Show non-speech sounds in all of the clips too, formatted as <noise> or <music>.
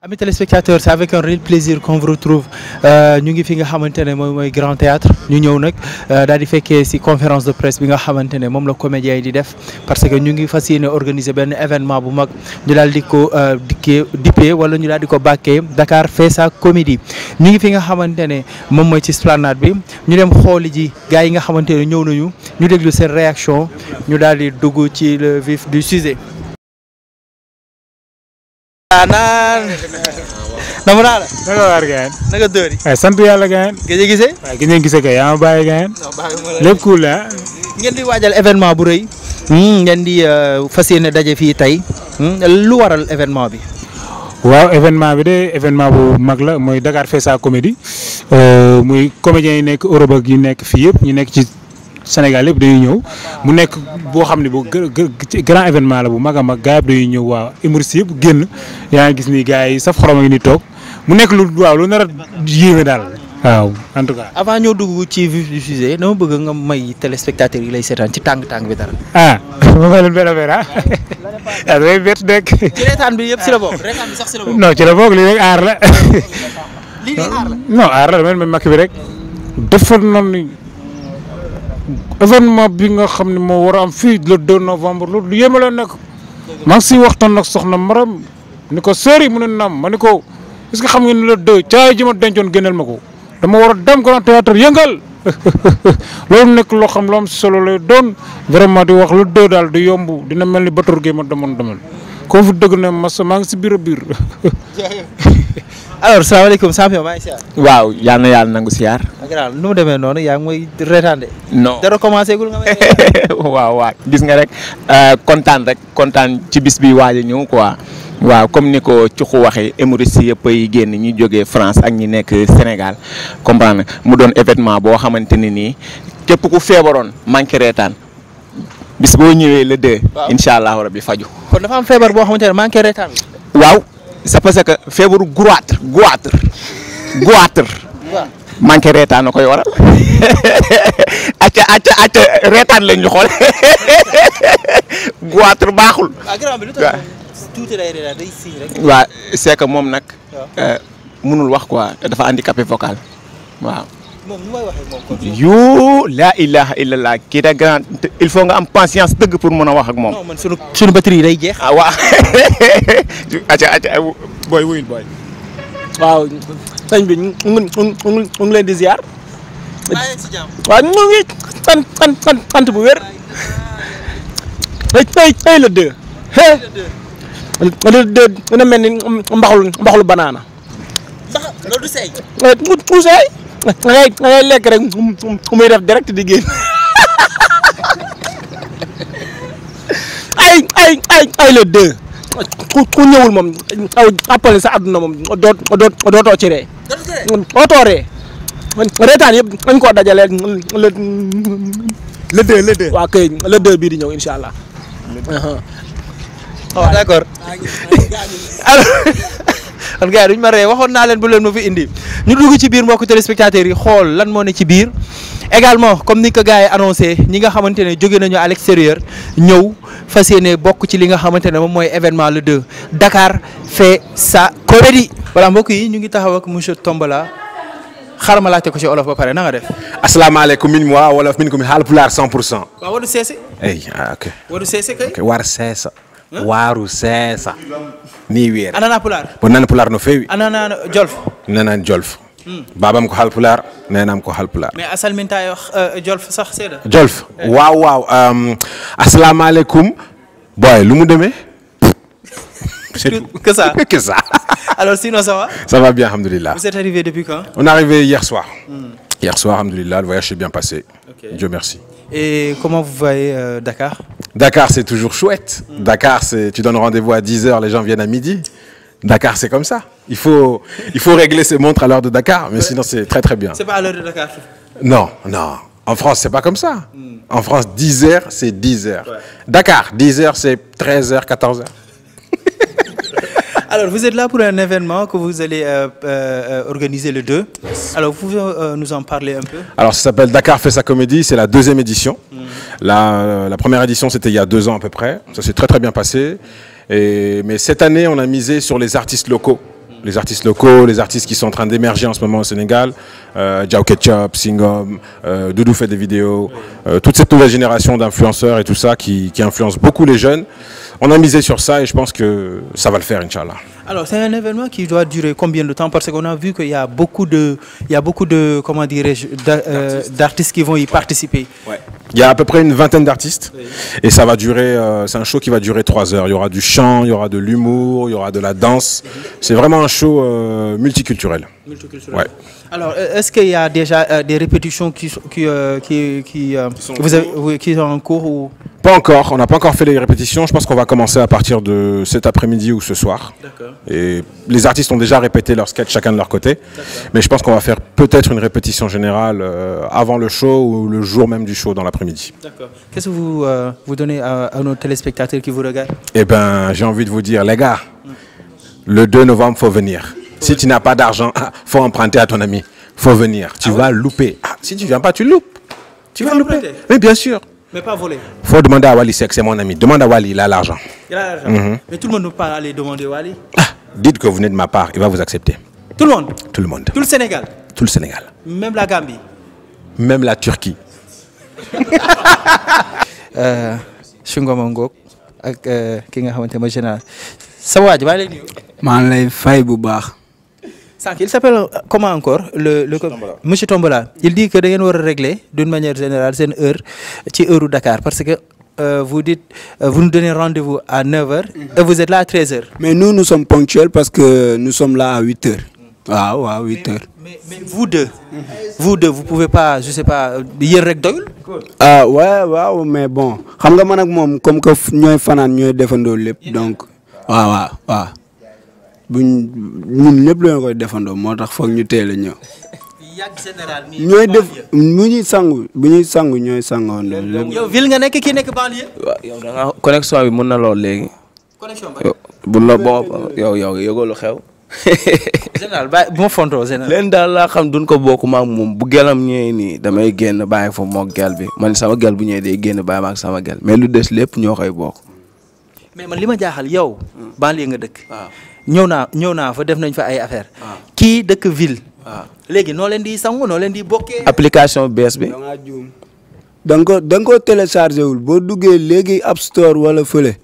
Amis téléspectateurs c'est avec un réel plaisir qu'on vous retrouve euh, ñu ngi fi nga xamante ne mooy mooy grand théâtre ñu ñëw nag euh, daal di fekkee ci conférence de presse bi nga xamante ne moom la comédien yi di def parce que ñu ngi fas yéene organiser benn événement bu mag ñu daal di ko euh, dikkee dippee wala ñu daal di ko bàkkee Dakar fait sa comédie ñu ngi fi nga xamante ne moom mooy ci esplanade bi ñu dem xooli ji gars yi nga xamante ne ñëw nañu ñu déglu seen réaction ñu daal di dugg ci le vif du sujet naan namu naa la. naka waar gayen. naka dóor waaye sant yàlla gayen. gëj a gisee. waaw gëj a gisee kay yaa ma bàyyi gayen. lépp cool la ngeen waajal événement bu rëy. Hmm, ngeen di uh, fas yéene daje fii tey. Hmm, lu waral événement bi. waaw événement bi de événement bu mag la mooy Dakar Fessa Comédie eh, muy comédiens yi nekk Europe ak nekk fii yëpp ñu nekk ci. Sénégal yëpp dañuy ñëw mu nekk boo xam ne bu grand événement la bu mag a mag gars yëpp dañuy ñëw waaw émorsi yëpp génn yaa ngi gis ni gars yi saf xorom ngi ni toog mu nekk lu waaw lu nar a yéeme daal waaw en tout cas. avant ñoo dugg ci vif du bëgg nga may téléspectateur yi lay seetaan ci tàng tàng bi dara. Ah, <laughs> ma may leen benn affaire ah. <laughs> ah damay bett nekk. ci la bokk reetaan ci la bokk. lii rek aar la. lii aar la non aar makk bi rek. defar noonu. événement bi nga xam ne moo war a am fii le 2 novembre loolu lu yéeme la nekk. maa ngi siy waxtaan nag soxna Maram ni ko sœur mu ne naam ma ni ko est-ce que xam ngeen ne le 2 caay ji ma dencoon génneel ma ko dama war a dem grand théâtre yëngal. <laughs> loolu nekk loo xam lu am solo lay doon vraiment di wax la doo daal di yomb dina mel ni bator gi ma demoon demel koo fi dëgg ne mas maa ngi si biir a biir <laughs> <laughs> alors salaamaaleykum champion maa ngi siyaar. waaw yal na yàlla nangu siyaar. Ah, nu mu demee noonu yaa ngi mooy reetaande. non dara commencé gul nga may. <laughs> waaw waaw gis nga rek euh, kontaan rek kontaan ci bis bi waaj ñëw quoi. waaw comme ni ko ci Cuxu waxee émoriste yëpp ay génn ñi jógee France ak ñi nekk Sénégal comprendre mu doon événement boo xamante ne nii képp ku feebaroon manqué reetaan. bis boo ñëwee le deux. waaw allahu rabi faju kon dafa am feebar boo xamante ne reetaan. waaw c'est parce que feebaru goitre goitre goitre manqué reetaan koy waral <laughs> acca acca reetaan lañ ñu xool <laughs> baaxul. Ah, waaw tuuti lay que moom nag. Euh, mënul wax quoi dafa handicapé vocal waaw. moom la may waxee moom kon. kii da grand il faut nga am patience dëgg pour mën a wax ak moom. non man sunu <laughs> sunu batterie day jeex. ah waaw acca <laughs> acca booy wuyul booy. waaw sëñ bi ñu ngi leen di ziar. waaw ñu ngi sant sant bu wér. tey tey tey la deux. le deux mel ni mbaxlu mbaxlu banaana. ndax ngay ngay lekk rek muy def direct di génn ay ay le deux ku ñëwul moom aw appale sa àdduna moom doo doo dootoo ci ree dootoo ree reetaan yëpp dañ koo dajale le le deux le deux waaw kay le ñëw incha allah <laughs> kon gars yi waxoon naa leen bu leen ma fi indi ñu dugg ci biir mbokku téléspectateurs yi xool lan moo ne ci biir également comme ni ko gars yi annoncé ñi nga xamante ne jóge nañu à l'extérieur ñëw fas yéene bokk ci li nga xamante ne moom mooy événement le 2 dakaar fait sa comédie voilà mbokk yi ñu ngi taxaw ak monsieur la xaaral ma laajte ko ci olof ba pare na nga def. asalaamaaleykum min moi wolof min ko mi haalpulaar 100 pour cent. waaw waru seese. ay ah ok. waaru seesa ni weere a bon nana pular no feewi a nana jolfo nanan jolfo hmm. babam ko halpular nenam mais a salminta e euh, jolfo sah seeɗa jolfo eh. waaw waaw assalamu aleykum boy lumu deme <laughs> que ça <laughs> que <laughs> ça va bien alhamdoulilah on est arrivé hier soir hmm. hier soir alhamdoulilah bien passé Dieu merci Et comment vous voyez euh, Dakar c'est toujours chouette. Mmh. Dakar, c'est tu donnes rendez-vous à 10h, les gens Dakar, c'est comme ça. Il faut, il faut régler ses montres à l'heure de Dakar, mais sinon, c'est très bien. Non, non. En France, c'est pas comme ça. Mmh. En France, 10h, c'est 10h. Dakar, 10h, c'est 13h, 14h. alors vous êtes là pour un événement que vous allez euh, euh, organiser le 2. alors vous euh, nous en parler un peu. alors ça s'appelle Dakar fait comédie c'est la deuxième édition. Mhm. la première édition c'était il y a deux ans à peu près ça s'est très très bien passé et mais cette année on a misé sur les artistes locaux mhm. les artistes locaux, les artistes qui sont en train d'émerger en ce moment au Sénégal, Jao Ketchup, Singom, euh, fait des vidéos, toute cette nouvelle génération d'influenceurs et tout ça qui on a misé sur ça et je pense que ça va le faire, Inch'Allah. Alors, c'est un événement qui doit durer combien de temps Parce qu'on a vu qu'il y a beaucoup de, il y a beaucoup de, comment dirais-je, euh, d'artistes euh, qui vont y ouais. participer. Ouais. Il y a à peu près une vingtaine d'artistes oui. et ça va durer, euh, c'est un show qui va durer trois heures. Il y aura du chant, il y aura de l'humour, il y aura de la danse. C'est vraiment un show euh, multiculturel. Multiculturel. Ouais. Alors, euh, est-ce qu'il y a déjà euh, des répétitions qui, qui, qui, qui, qui sont, vous avez, oui, qui sont en cours ou... Pas encore, on n'a pas encore fait les répétitions. Je pense qu'on va commencer à partir de cet après-midi ou ce soir. Et les artistes ont déjà répété leur sketch chacun de leur côté. Mais je pense qu'on va faire peut-être une répétition générale euh, avant le show ou le jour même du show dans l'après-midi. Euh, eh j'ai envie de vous dire, les gars, le 2 novembre, faut venir. Si tu n'as pas d'argent, ah, faut emprunter à ton ami. Faut venir. Tu ah vas louper. Ah, si tu viens pas, tu loupes. Tu, Mais pas volé. Faut demander mon ami. Demande à Wally, il a l'argent. Il a l'argent. Mm -hmm. Mais tout le monde ne peut pas aller demander Wally. Ah, dites que vous venez de ma part, il va vous accepter. Tout le monde. Tout le monde. Tout le Sénégal. Tout le Sénégal. Même la Gambie. Même la Turquie. <laughs> euh Shungo Mangok ak euh, ki nga xamante ne mooy général. Sa waaj maa ngi lay nuyu. maa ngi lay fay bu baax. sànq il s'appelle euh, comment encore le monsieur Tombola il dit que da ngeen war a régler d'une manière générale seen heure ci heure Dakar parce que euh, vous dites euh, vous nous donnez rendez à 9h mm-hmm. et vous êtes là à 13 mais nous nous sommes ponctuels parce que nous sommes là à 8h. Mm. waaw waaw 8h. vous deux. vous deux vous pouvez pas je sais pas yéen rek doyul. ah waaw mais bon xam nga man ak moom comme que ñooy fanaan ñooy defandoo lépp donc waaw buñ ñun ñëpp la koy defandoo moo tax foog ñu teel a ñëw. ñooy def mu ñuy sangu bu ñuy sangu ñooy sangoon loolu. yow ville nga nekk ki nekk banlieue. waaw yow da na lool léegi. connexion bu la bon yow yow yëgoo lu xew. <laughs> général bàyyi bu ma fontoo leen daal laa xam duñ ko bokk maak moom bu gelam ñëwee nii damay génn bàyyi foofu moo gel bi man sama gel bu ñëwee day génn bàyyi maak sama gel mais lu des lépp ñoo koy bokk. mais man li ma jaaxal yow. banlieue nga dëkk. ñëw naa ñëw naa fa def nañ fa ay affaire ah. kii dëkk ville. Ah. léegi noo leen di sangu noo leen di bokkee. application bees bi. da nga ko da nga ko téléchargé wul boo duggee léegi app store wala fële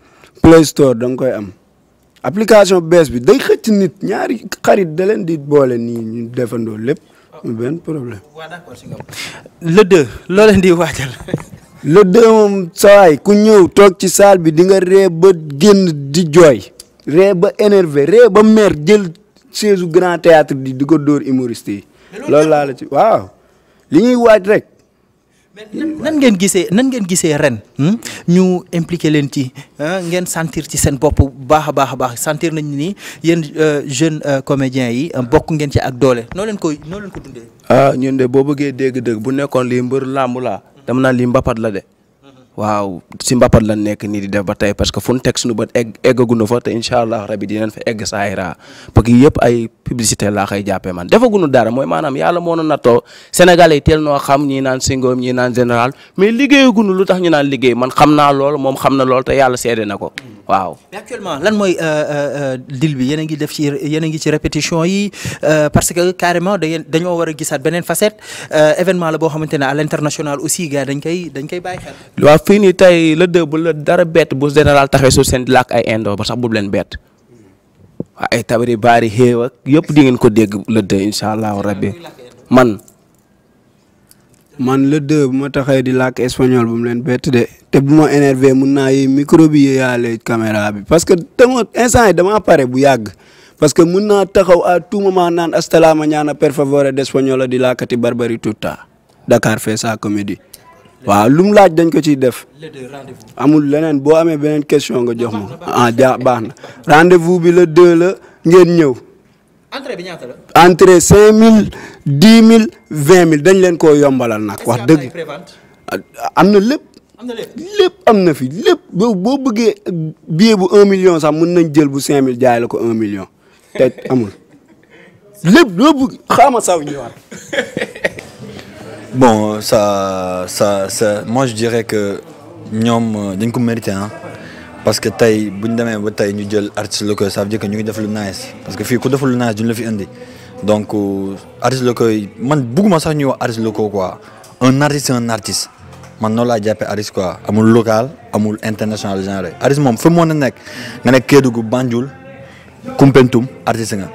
play store da nga koy am application bees bi day xëcc nit ñaari xarit da di boole nii ñu defandoo lépp benn problème. waaw d'accord di waajal. le moom sawaay ku ñëw toog ci saal bi di nga ree ba génn di jooy. ree ba énervé ree ba mer jël chaise grand théâtre di di ko dóor humoriste yi. loolu laa la ci waaw li ñuy waaj rek. nan ngeen gisee nan ngeen gisee ren hmm? ñu impliqué leen ci ngeen santir ci seen bopp bu baax a baax a baax sentir nañ ni yéen euh, jeune euh, comédiens yi euh, bokk ngeen ci ak doole noo leen koy noo ko dundee. ah ñun de boo bëggee dégg-dëgg bu nekkoon lii mbër làmb laa. dama naan lii mbapat la de. waaw si mbapat lan nekk nii di def ba tey parce que fu ñu teg suñu bët egg eggaguñu fa te incha allah rabi dinañ fa egg saayira parce que yëpp ay. publicité laa koy jàppee man defaguñu dara mooy maanaam yàlla moo na nattoo sénégalais yi teel noo xam ñi naan singoom ñi général mais liggéeyaguñu lu tax ñu naan liggéey man xam naa lool moom xam na lool te yàlla seede na ko waaw. mais actuellement lan mooy euh, euh, euh, deal bi yéen a ngi def ci yéen a ngi ci répétition yi parce que carrément dañoo war a gisaat beneen facette événement la boo xamante ne à l'international aussi gars dañ koy dañ koy bàyyi xel. waaw fii nii tey la dëbb la dara bett bu général seen di làkk ay indo ba sax bu leen bett. ay tabari baari xéew ak yëpp di ngeen ko dégg le deux incha allahu rabbi man. man le deux bu ma taxee di làkk espagnol bu mu leen bett te bu ma énervé mun naa yee micro bi yéeyaale caméra bi parce que dama instant yi damaa pare bu yàgg parce que mun naa taxaw à tout moment naan astalaama ñaana de favore d'espagnol di làkkati barbari tutta Dakar fait sa comédie. waaw lu mu laaj dañ ko ciy def amul leneen boo amee beneen question nga jox ma ah, ah ja baax na rendez-vous bi le deux ngeen ñëw entrée bi ñaata la cinq mille dix mille vingt mille dañ leen ko yombalal nag wax dëgg ah, am na lépp lépp am na fi lépp boo boo bëggee bu un million sax mun nañ jël bu cinq mille jaay la ko un million te amul <laughs> lépp loo bëgg xaama saw ñëwaat <laughs> bon sa ça ça moi je dirais que ñoom euh, dañ ko mérité ah parce que tey bu ñu demee ba tey ñu jël artiste locaux ça veut dire ñu ngi def lu nice parce que fii ku deful lu nice duñu la fi indi donc euh, artiste locaux man bugguma sax ñuy wax artiste locaux quoi un artiste un artiste man noonu laa jàppee artiste quoi amul local amul international genre artiste moom fa moo na nekk nga nekk Kédougou Banjul Koumpentoum artiste nga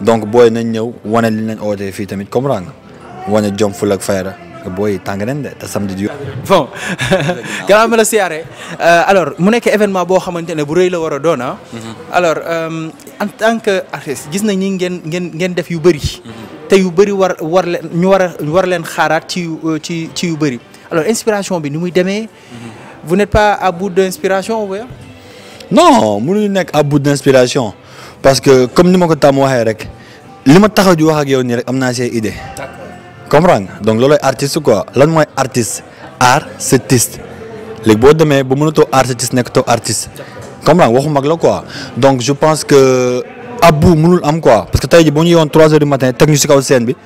donc booy nañ ñëw wane li nañ ootee fii tamit comprendre nga wane jom ful ak fayda booy tàng nañ de te samedi di. bon <laughs> gannaaw ma euh, alors mu nekk événement boo xamante ne bu la war a doon ah. mhm. alors euh, en tant que artiste gis nañ ni ngeen ngeen ngeen def yu bëri. Mhm. te yu bëri war war leen ñu war a war leen xaaraat ci euh, ci ci yu bëri alors inspiration bi ni muy demee. Mhm. vous n'êtes pas à bout d'inspiration wala. non mënuñu nekk à bout d'inspiration parce que comme ni ma ko tàmm waxee rek li ma taxaw di wax ak yow rek am na see idée. d'accord. comprendre nga donc loolooy artiste quoi lan mooy artiste artiste léegi boo demee ba mënatoo artiste nekk to artiste comprendre waxu mag la quoi donc je pense que abbu mënul am quoi parce que tey boo ñu yoon trois heures du matin teg ñu si kaw scène bi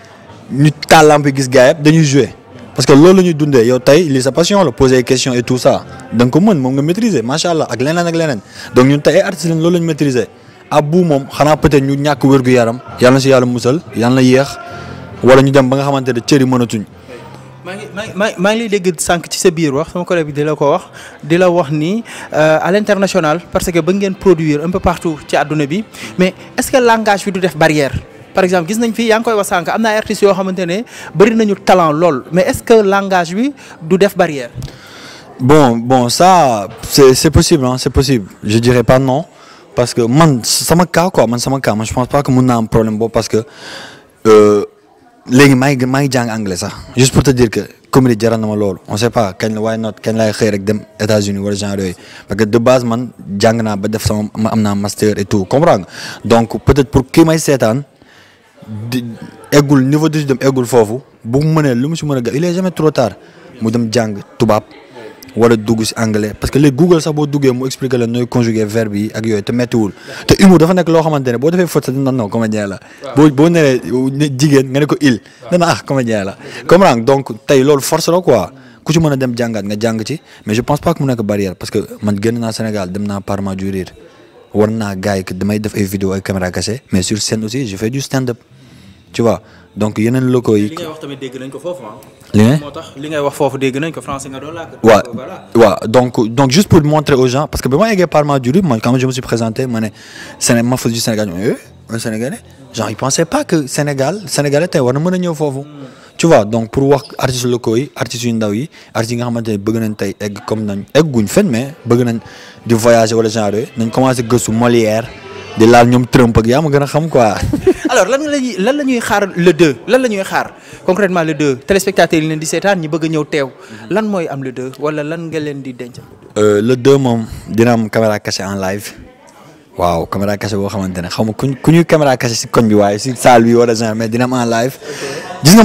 ñu taal gis gars yëpp dañuy parce que loolu la ñuy dundee yow tey lii sa passion la poser question et tout ça da nga ko mën moom nga maîtriser macha allah ak leneen ak leneen donc ñun tey ay artistes lañ loolu la ñu maîtriser abbu moom xanaa peut-être ñu ñàkk wér gu yaram yàlla si yàlla musal yàlla na yéex. wala ñu dem ba nga xamante ne cër yi mënatuñ. maa ngi maa ngi maa dégg sànq ci sa biir wax sama collègue bi di la ko wax di la wax ni euh, à l'international parce que ba ngeen produire un ci àdduna bi mais est-ce que langage bi du def barrière. par exemple gis nañ fi yaa ngi koy wax sànq am na ay artistes yoo xamante ne bari nañu talent lool mais est-ce que langage bi du def barrière. bon bon ça c'est c'est possible ah c'est possible je dirais pas non parce que man sama cas quoi man sama cas man mun naa am problème boobu parce que. Euh, léegi maa ngi maa ngi jàng anglais sax juste pour te dire que comédie jaral ma loolu on sait pas kañ la why not kañ laay xëy rek dem États-Unis wala genre yooyu parce que de base man jàng naa ba def sama ma am naa master et tout comprends nga donc peut-être pour kii may seetaan di eggul niveau de dem eggul foofu bu mu mënee lu mu si mën a ga il est jamais trop tard mu dem jàng tubaab. wala dugg si anglais parce que léegi Google sax boo duggee mu expliquer la nooy conjuguer verbe yi ak yooyu te méttiwul te humour dafa nekk loo xamante ne boo defee faute sax dina non comédien la. boo boo neree jigéen nga ne ko il. waaw dana ah comédien la. comprendre donc tey loolu force la quoi. ku ci mën a dem jàngaat nga jàng ci mais je pense pas que mu nekk barrière parce que man génn naa Sénégal dem naa Parlement du Rire war naa gars yi que damay def ay vidéo ay caméra cachée mais sur scène aussi je fais du stand up donc yeneen locaux yi. dégg nañ ko foofu ah. moo tax li ngay wax foofu dégg nañ ko français nga doon làkk. waaw waaw donc juste pour montrer aux gens parce que ba ma yeggee Parlement Diourbel man quand je me suis présenté ma ne Séné ma du Sénégal ñu eh, un Sénégalais genre que Sénégal Sénégalais tey war na mën a ñëw foofu. Hmm. tu vois donc pour wax artistes locaux yi artistes yu ndaw yi artistes yi nga xamante ne bëgg nañ tey egg comme nañ egguñ fenn mais bëgg nañ di voyager wala genre nañ commencé gëstu Molière. di laal ñoom Trump ak yaa ma a la <laughs> ñuy lan la le 2 lan la ñuy xaar concrètement le 2 téléspectateurs yi leen di seetaan a mhm. le 2 di denc. Euh, le 2 moom dina am caméra cachée en live. waaw caméra cachée xamante ne xaw ma ku ñuy caméra cachée si koñ bi waaye si salle bi wala genre mais dina am en live. gis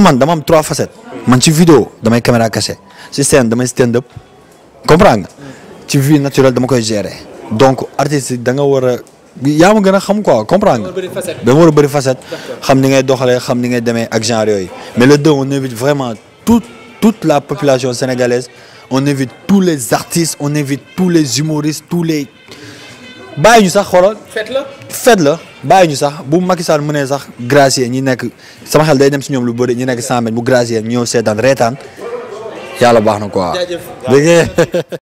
trois facettes. man ci vidéo damay caméra cachée si scène damay stand up comprendre nga. Mm. ci vie naturelle dama koy gérer. donc artiste da nga war yaa ma gën a xam quoi comprendre nga. da war a bëri facette xam ni ngay doxalee xam ni ngay demee ak genre yooyu. mais le deux on invite vraiment toute toute la population sénégalaise on invite tous les artistes on invite tous les humoristes tous les. bàyyi ñu sax xoolal. fête la fête la bàyyi ñu sax bu Macky Sall mënee sax gracier ñi nekk sama xel day dem si ñoom lu bëri ñi nekk 100 mètres bu gracier ñëw seetaan reetaan yàlla baax na quoi. jaajëf <laughs>